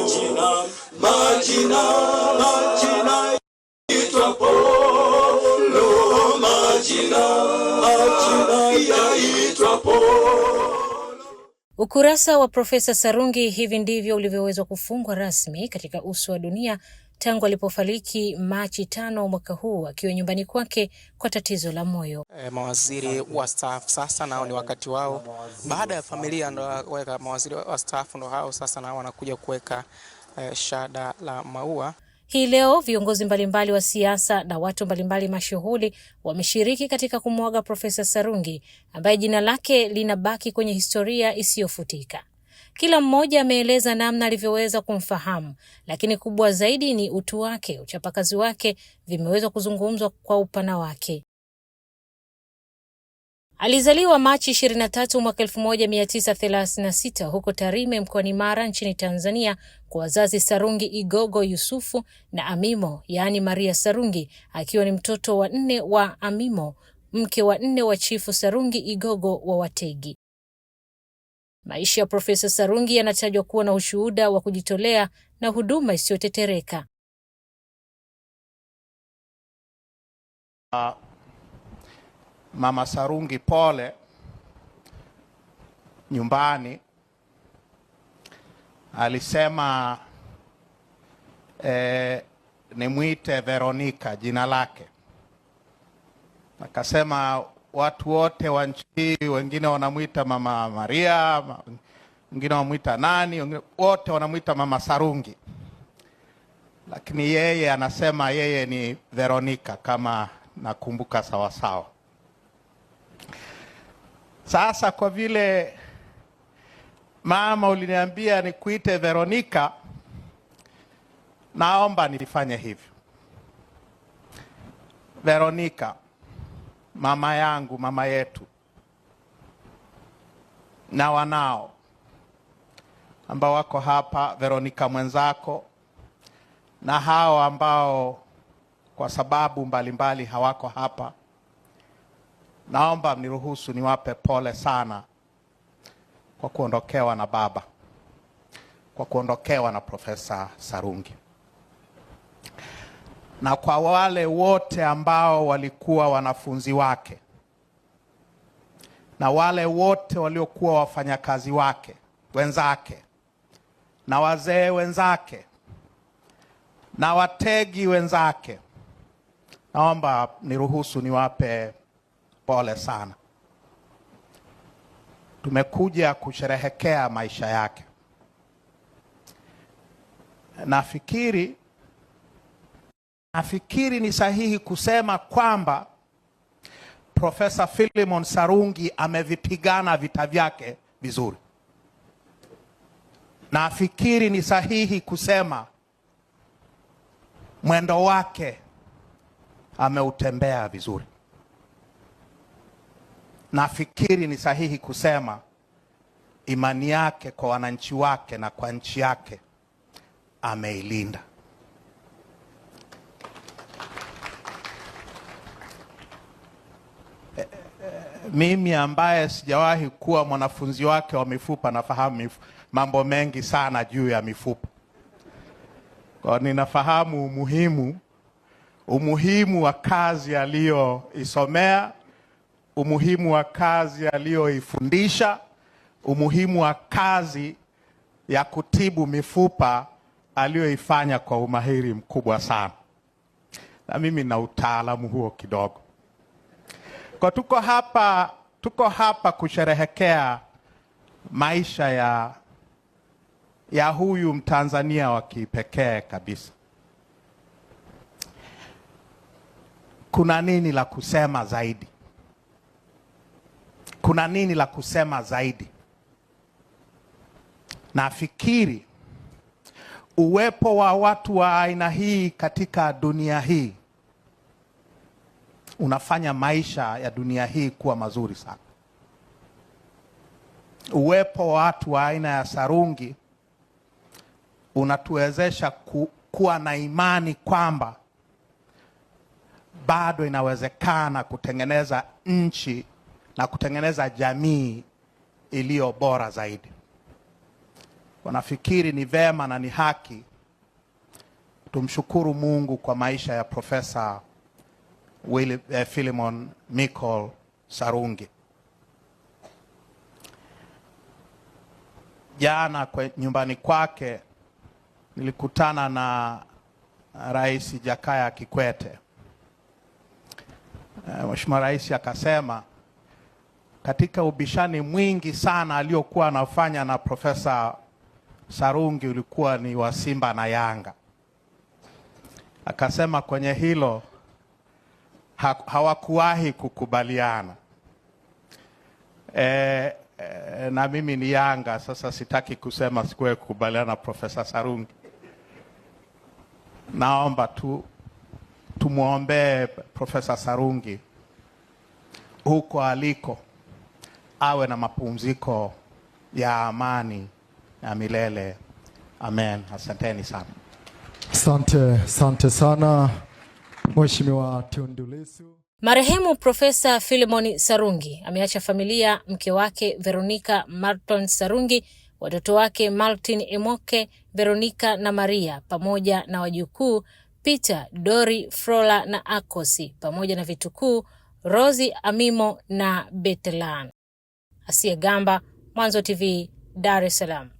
majina, majina, majina yaitwapo, lo, majina, majina ya yaitwapo. Ukurasa wa Profesa Sarungi, hivi ndivyo ulivyoweza kufungwa rasmi katika uso wa dunia tangu alipofariki Machi tano mwaka huu akiwa nyumbani kwake kwa tatizo la moyo. E, mawaziri wastaafu sasa nao ni wakati wao, baada ya familia ndo weka mawaziri wastaafu ndo hao sasa nao wanakuja kuweka e, shada la maua. Hii leo viongozi mbalimbali wa siasa na watu mbalimbali mashuhuri wameshiriki katika kumwaga Profesa Sarungi ambaye jina lake linabaki kwenye historia isiyofutika. Kila mmoja ameeleza namna alivyoweza kumfahamu, lakini kubwa zaidi ni utu wake, uchapakazi wake vimeweza kuzungumzwa kwa upana wake. Alizaliwa Machi 23 mwaka 1936 huko Tarime mkoani Mara nchini Tanzania kwa wazazi Sarungi Igogo Yusufu na Amimo, yaani Maria Sarungi, akiwa ni mtoto wa nne wa Amimo, mke wa nne wa Chifu Sarungi Igogo wa Wategi. Maisha ya Profesa Sarungi yanatajwa kuwa na ushuhuda wa kujitolea na huduma isiyotetereka. Uh, Mama Sarungi pole nyumbani alisema eh, nimwite veronika jina lake, akasema watu wote wa nchi hii, wengine wanamwita Mama Maria, wengine wanamwita nani, wengine wote wanamwita Mama Sarungi, lakini yeye anasema yeye ni Veronica kama nakumbuka sawasawa. Sasa kwa vile mama uliniambia nikuite Veronica, naomba nilifanye hivyo Veronica mama yangu, mama yetu na wanao ambao wako hapa, Veronica mwenzako, na hao ambao kwa sababu mbalimbali mbali hawako hapa, naomba mniruhusu niwape pole sana kwa kuondokewa na baba, kwa kuondokewa na Profesa Sarungi na kwa wale wote ambao walikuwa wanafunzi wake na wale wote waliokuwa wafanyakazi wake wenzake na wazee wenzake na wategi wenzake. Naomba niruhusu niwape pole sana. Tumekuja kusherehekea maisha yake. Nafikiri Nafikiri ni sahihi kusema kwamba Profesa Philemon Sarungi amevipigana vita vyake vizuri. Nafikiri ni sahihi kusema mwendo wake ameutembea vizuri. Nafikiri ni sahihi kusema imani yake kwa wananchi wake na kwa nchi yake ameilinda. mimi ambaye sijawahi kuwa mwanafunzi wake wa mifupa nafahamu mifu, mambo mengi sana juu ya mifupa. Kwa ninafahamu umuhimu umuhimu wa kazi aliyoisomea, umuhimu wa kazi aliyoifundisha, umuhimu wa kazi ya kutibu mifupa aliyoifanya kwa umahiri mkubwa sana, na mimi na utaalamu huo kidogo. Kwa tuko hapa, tuko hapa kusherehekea maisha ya ya huyu Mtanzania wa kipekee kabisa. Kuna nini la kusema zaidi? Kuna nini la kusema zaidi? Nafikiri uwepo wa watu wa aina hii katika dunia hii unafanya maisha ya dunia hii kuwa mazuri sana. Uwepo wa watu wa aina ya Sarungi unatuwezesha ku, kuwa na imani kwamba bado inawezekana kutengeneza nchi na kutengeneza jamii iliyo bora zaidi. Wanafikiri ni vema na ni haki tumshukuru Mungu kwa maisha ya Profesa Willi, uh, eh, Philemon Mikol Sarungi. Jana kwe, nyumbani kwake nilikutana na Rais Jakaya Kikwete. Uh, Mheshimiwa Rais akasema katika ubishani mwingi sana aliokuwa anafanya na Profesa Sarungi ulikuwa ni wa Simba na Yanga. Akasema kwenye hilo ha, hawakuwahi kukubaliana e, na mimi ni Yanga. Sasa sitaki kusema sikuwahi kukubaliana Profesa Sarungi. Naomba tu tumwombee Profesa Sarungi huko aliko, awe na mapumziko ya amani na milele. Amen. Asanteni sana. Asante, asante sana. Mheshimiwa Tundu Lissu. Marehemu Profesa Philemon Sarungi ameacha familia, mke wake Veronica Marton Sarungi, watoto wake Martin Emoke, Veronica na Maria, pamoja na wajukuu Peter, Dori, Frola na Akosi, pamoja na vitukuu Rosi, Amimo na Betelan. Asia Gamba, Mwanzo TV, Dar es Salaam.